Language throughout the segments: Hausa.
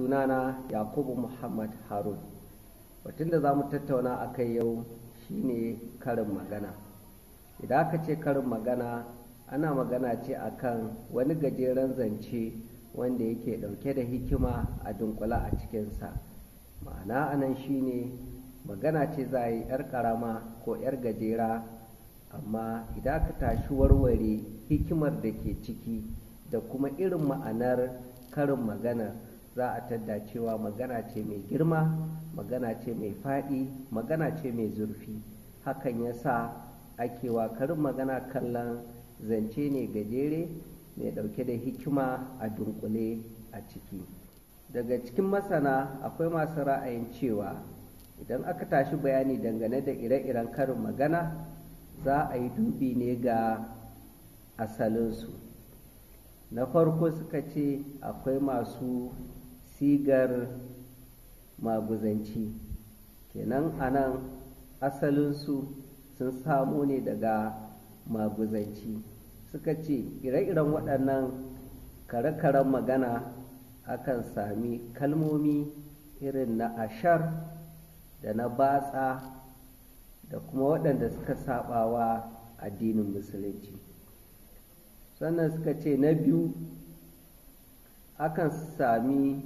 sunana yakubu muhammad harun batun da za mu tattauna a kai yau shine karin magana idan aka ce karin magana ana magana ce akan wani gajeren zance wanda yake ɗauke da hikima a dunkula a cikinsa ma'ana anan shine magana ce za a yi 'yar karama ko 'yar gajera amma idan ka tashi warware hikimar da ke ciki da kuma irin ma'anar karin maganar za a tadda cewa magana ce mai girma magana ce mai faɗi magana ce mai zurfi hakan ya sa ake wa karin magana kallon zance ne gajere mai ɗauke da hikima a dunkule a ciki daga cikin masana akwai masu ra'ayin cewa idan aka tashi bayani dangane da ire-iren karin magana za a yi dubi ne ga asalinsu na farko suka ce akwai masu sigar maguzanci kenan anan asalinsu sun samo ne daga maguzanci suka ce ire-iren waɗannan kare-karen magana akan sami kalmomi irin na ashar da na batsa da kuma waɗanda suka sabawa addinin musulunci sannan suka ce na biyu akan sami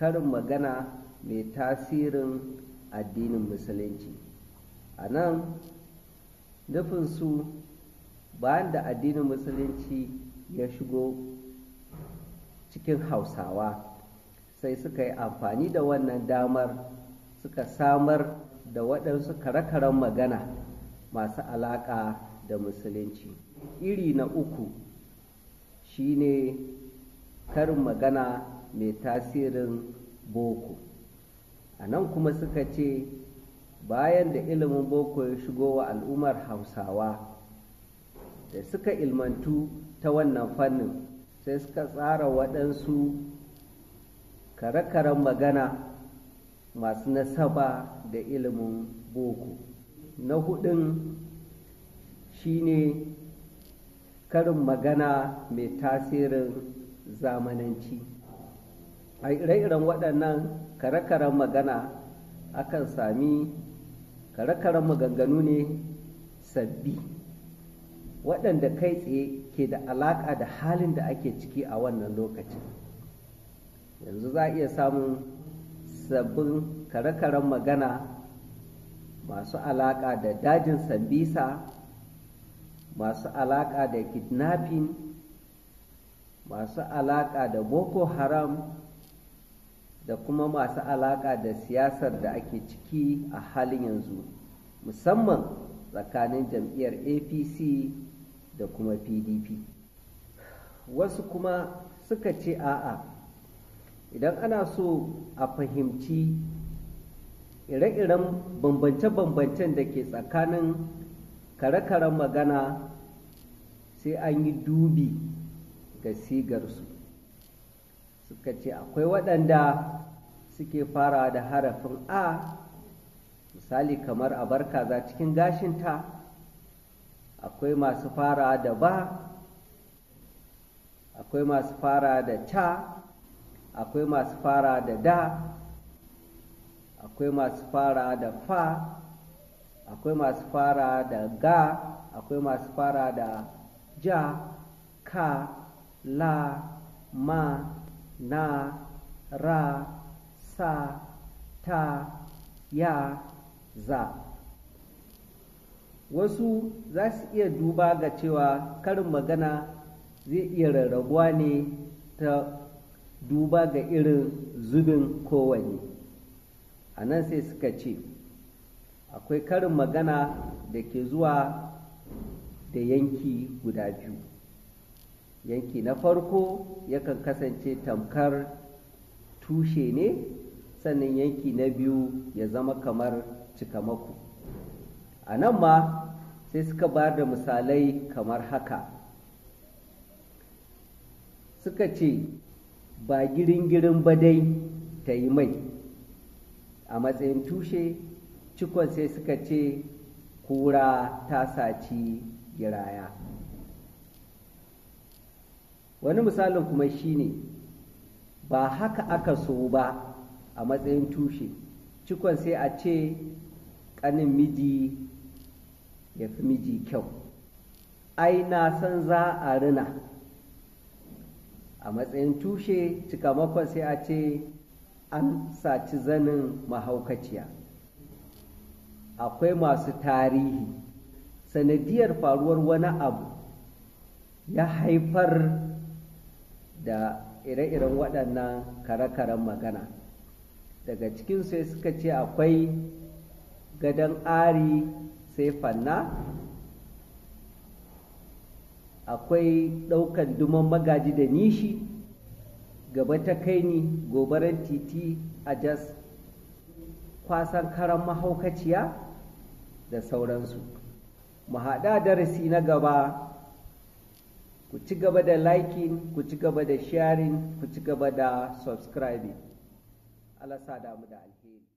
karin magana mai tasirin addinin musulunci a nan nufinsu bayan da addinin musulunci ya shigo cikin hausawa sai suka yi amfani da wannan damar suka samar da waɗansu kare-karen magana masu alaƙa da musulunci iri na uku shine karin magana mai tasirin boko a nan kuma suka ce bayan da ilimin boko ya shigo wa al'ummar hausawa da suka ilmantu ta wannan fannin sai suka tsara waɗansu kare-karen magana masu nasaba da ilimin boko na hudun shine karin magana mai tasirin zamananci a ire-iren waɗannan kare-karen magana akan sami kare-karen maganganu ne sabbi waɗanda kai tsaye ke da alaƙa da halin da ake ciki a wannan lokacin yanzu za a iya samun sabbin kare-karen magana masu alaƙa da dajin sambisa masu alaƙa da kidnapping masu alaƙa da boko haram da kuma masu alaƙa da siyasar da ake ciki a halin yanzu musamman tsakanin jam'iyyar apc da kuma pdp wasu kuma suka ce a'a idan ana so a fahimci ire-iren bambance-bambancen da ke tsakanin kare-karen magana sai an yi dubi ga sigarsu suka ce akwai waɗanda suke fara da harafin a misali kamar a bar kaza cikin gashinta akwai masu fara da ba akwai masu fara da ta akwai masu fara da da akwai masu fara da fa akwai masu fara da ga akwai masu fara da ja ka la ma na ra sa ta ya za wasu za su iya duba ga cewa karin magana zai iya rarrabuwa ne ta duba ga irin zubin kowane a nan sai suka ce akwai karin magana da ke zuwa da yanki guda biyu yanki na farko yakan kasance tamkar tushe ne sannan yanki na biyu ya zama kamar cikamaku a nan ma sai suka ba da misalai kamar haka suka ce ba girin-girin ba dai ta yi mai a matsayin tushe cikon sai suka ce kura ta saci giraya wani misalin kuma shine ba haka aka so ba a matsayin tushe cikon sai a ce ƙanin miji ya fi miji kyau ai na san za a rina a matsayin tushe cikamakon sai a ce an saci zanin mahaukaciya akwai masu tarihi sanadiyar faruwar wani abu ya haifar da ire-iren waɗannan kare-karen magana daga cikin sai suka ce akwai gadon ari sai fanna akwai ɗaukan duman magaji da nishi gaba ta kai ni gobarar titi a jas kwasan karan mahaukaciya da sauransu mu haɗa darasi na gaba ku ci gaba da liking ku ci gaba da sharing ku ci gaba da subscribing Allah sa damu da alheri